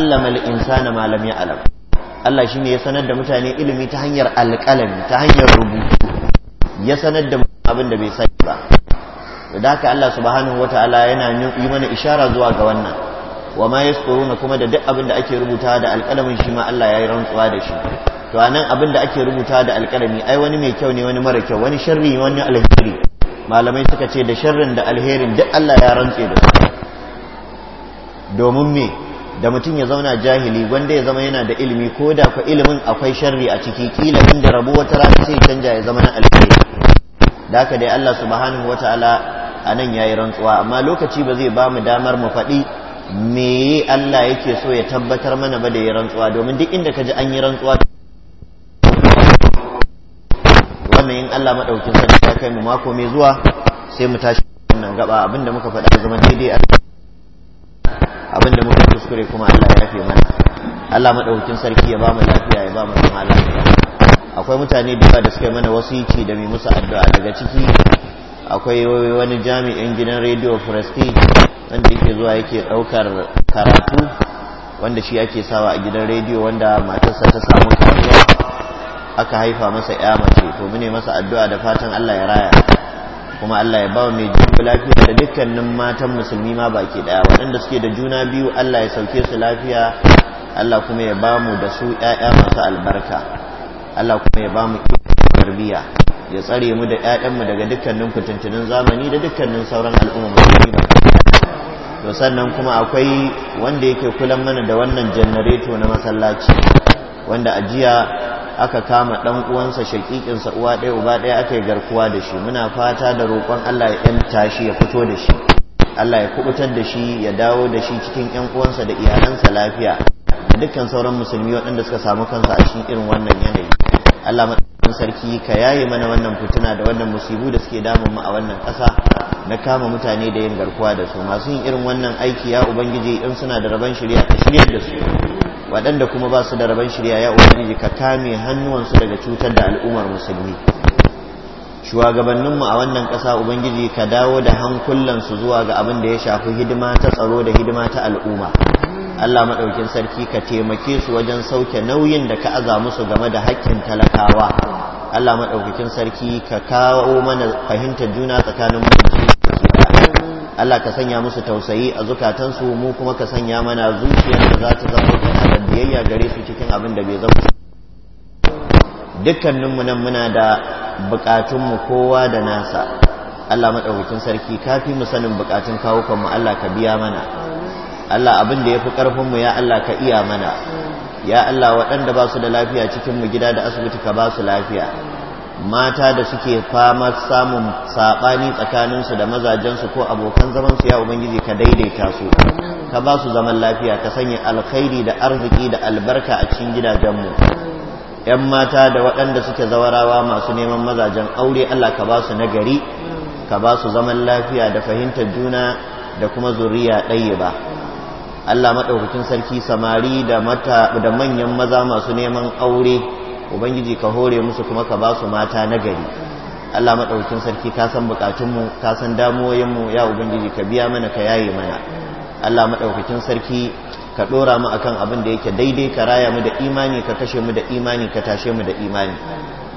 علم الإنسان ما لم يعلم Allah shi ne ya sanar da mutane ilimi ta hanyar alƙalami ta hanyar rubutu ya sanar da abin da bai sani ba da haka Allah subhanahu wataala yana yi mana ishara zuwa ga wannan wa ma yasquruna kuma da duk abin da ake rubuta da alƙalamin shi ma Allah ya yi rantsuwa da shi to anan abin da ake rubuta da alƙalami ai wani mai kyau ne wani mara kyau wani sharri wani alheri malamai suka ce da sharrin da alherin duk Allah ya rantse da su domin me da mutum ya zauna jahili wanda ya zama yana da ilimi ko da kwa ilimin akwai sharri a ciki kila inda rabu wata rana sai canja ya zama na alheri da haka dai Allah subhanahu ala a nan ya yi rantsuwa amma lokaci ba zai ba mu damar mu faɗi me Allah yake so ya tabbatar mana ba da ya rantsuwa domin duk inda ka ji an yi rantsuwa wannan in Allah maɗaukin sani ta kai mu mako mai zuwa sai mu tashi wannan gaba abinda muka faɗa zama daidai abinda muka kuskure kuma Allah ya yafe mana Allah maɗaukin sarki ya bamu lafiya ya ba mu lafiya akwai mutane da da suka yi mana wasici da mai musu addu'a daga ciki akwai wani jami'in gidan radio prestige wanda yake zuwa yake daukar karatu wanda shi ake sawa a gidan radio wanda matarsa ta samu karuwa aka haifa masa ya mace to mune masa addu'a da fatan Allah ya raya kuma Allah ya bawa mai jiko lafiya da dukkanin matan musulmi ma baki daya waɗanda suke da juna biyu Allah ya sauke su lafiya Allah kuma ya ba mu da su ƴaƴa masu albarka Allah kuma ya ba mu tarbiya ya tsare mu da mu daga dukkanin fitintunin zamani da dukkanin sauran al'umma musulmi ba to sannan kuma akwai wanda yake kulan mana da wannan janareto na masallaci wanda a jiya aka kama dan uwansa shakikin sa uwa ɗaya uba ɗaya aka yi garkuwa da shi muna fata da roƙon Allah ya ɗan tashi ya fito da shi Allah ya kubutar da shi ya dawo da shi cikin ƴan uwansa da iyalansa lafiya da dukkan sauran musulmi waɗanda suka samu kansa a cikin irin wannan yanayi Allah madaukakin sarki ka yaye mana wannan fituna da wannan musibu da suke damun mu a wannan ƙasa na kama mutane da yin garkuwa da su masu yin irin wannan aiki ya ubangiji in suna da rabon shirya ka shirya da su waɗanda kuma ba su da rabon shirya ya ubangiji ka kame hannuwansu daga cutar da al'ummar musulmi shugabanninmu a wannan ƙasa ubangiji ka dawo da hankulansu zuwa ga abin da ya shafi hidima ta tsaro da hidima ta al'umma Allah maɗaukin sarki ka taimake su wajen sauke nauyin da ka aza musu game da haƙƙin talakawa Allah maɗaukakin sarki ka kawo mana fahimtar juna tsakanin mutum Allah ka sanya musu tausayi a zukatansu mu kuma ka sanya mana zuciyarta da za ta zama da biyayya gare su cikin abin da bai zama dukkaninmu nan muna da bukatunmu kowa da nasa Allah maɗaukakin sarki kafi mu sanin bukatun kawukanmu Allah ka biya mana Allah abin da ya fi ƙarfinmu ya Allah ka iya mana ya Allah waɗanda ba su da lafiya cikinmu gida da asibiti ka ba su lafiya mata da suke fama samun saɓani tsakaninsu da mazajensu ko abokan zamansu ya ubangiji ka daidaita su ka ba su zaman lafiya ka sanya alkhairi da arziki da albarka a cikin gidajenmu yan mata da waɗanda suke zawarawa masu neman mazajen aure Allah ka ba su nagari ka ba su zaman lafiya da fahimtar juna da kuma zuriya ɗaya ba Allah maɗaukakin sarki samari da manyan maza masu neman aure ubangiji ka hore musu kuma ka ba su mata nagari Allah maɗaukin sarki ka san bukatunmu ka san damuwoyinmu ya ubangiji ka biya mana ka yaye mana Allah madaukakin sarki ka dora mu akan abin da yake daidai ka raya mu da imani ka kashe mu da imani ka tashe mu da imani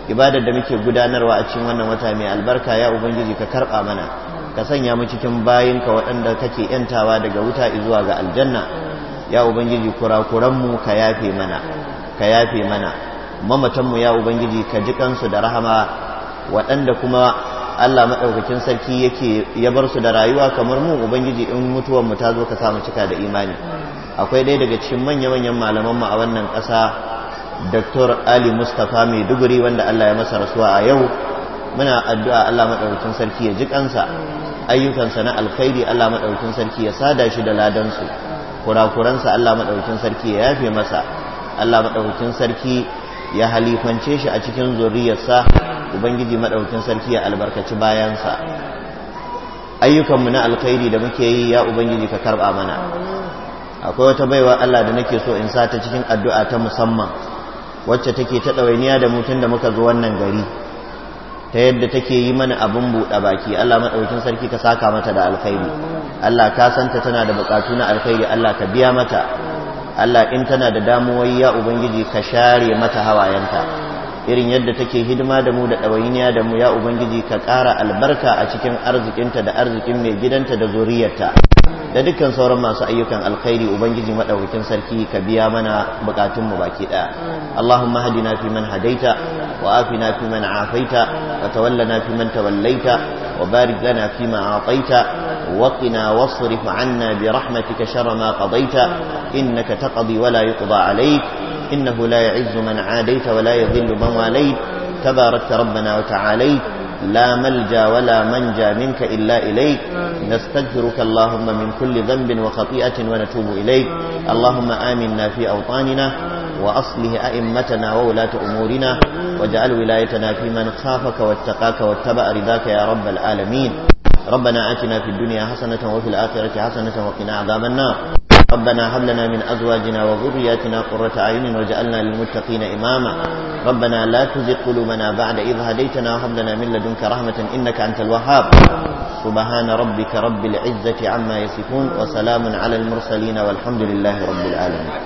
ibadar da muke gudanarwa a cikin wannan wata mai albarka ya ubangiji ka karba mana ka sanya mu cikin ka waɗanda kake yantawa daga wuta zuwa ga aljanna ya ubangiji kurakuran mu ka yafe mana ka yafe mana mamatan mu ya ubangiji ka ji kansu da rahama waɗanda kuma Allah maɗaukakin sarki yake ya bar su da rayuwa kamar mu ubangiji in mutuwar mu ta zo ka samu cika da imani akwai ɗaya daga cikin manya manyan malaman mu a wannan ƙasa Dr. Ali Mustapha mai duguri wanda Allah ya masa rasuwa a yau muna addu'a Allah maɗaukakin sarki ya ji kansa ayyukansa na alkhairi Allah maɗaukakin sarki ya sada shi da ladan ladansu kurakuransa Allah maɗaukakin sarki ya yafe masa Allah maɗaukakin sarki ya halifance shi a cikin zuriyarsa ubangiji madaukin sarki ya albarkaci bayansa ayyukanmu na alkhairi da muke yi ya ubangiji ka karba mana akwai wata baiwa Allah da nake so in sa ta cikin addu'a ta musamman wacce take ta ɗawainiya da mutum da muka zo wannan gari ta yadda take yi mana abin buɗe baki Allah maɗaukin sarki ka saka mata da alkhairi Allah ka santa tana da buƙatu na alkhairi Allah ka biya mata Allah in tana da damuwa ya ubangiji ka share mata hawayenta irin yadda take hidima da mu da ɗawainiya da mu ya ubangiji ka ƙara albarka a cikin arzikinta da arzikin mai gidanta da zuriyarta da dukkan sauran masu ayyukan alkhairi ubangiji maɗaukakin sarki ka biya mana bukatun mu baki ɗaya allahumma hadina fi man hadaita wa afina fi man afaita wa tawallana fi man tawallaita wa barik lana fi ma ataita wa qina wasrif anna bi rahmatika sharra ma qadaita innaka taqdi wa la yuqda alayka إنه لا يعز من عاديت ولا يذل من واليت تباركت ربنا وتعاليت لا ملجا ولا منجا منك إلا إليك نستغفرك اللهم من كل ذنب وخطيئة ونتوب إليك اللهم آمنا في أوطاننا وأصله أئمتنا وولاة أمورنا واجعل ولايتنا في من خافك واتقاك واتبع رضاك يا رب العالمين ربنا آتنا في الدنيا حسنة وفي الآخرة حسنة وقنا عذاب النار ربنا هب لنا من أزواجنا وذرياتنا قرة أعين واجعلنا للمتقين إماما ربنا لا تزغ قلوبنا بعد إذ هديتنا وهب لنا من لدنك رحمة إنك أنت الوهاب سبحان ربك رب العزة عما يصفون وسلام على المرسلين والحمد لله رب العالمين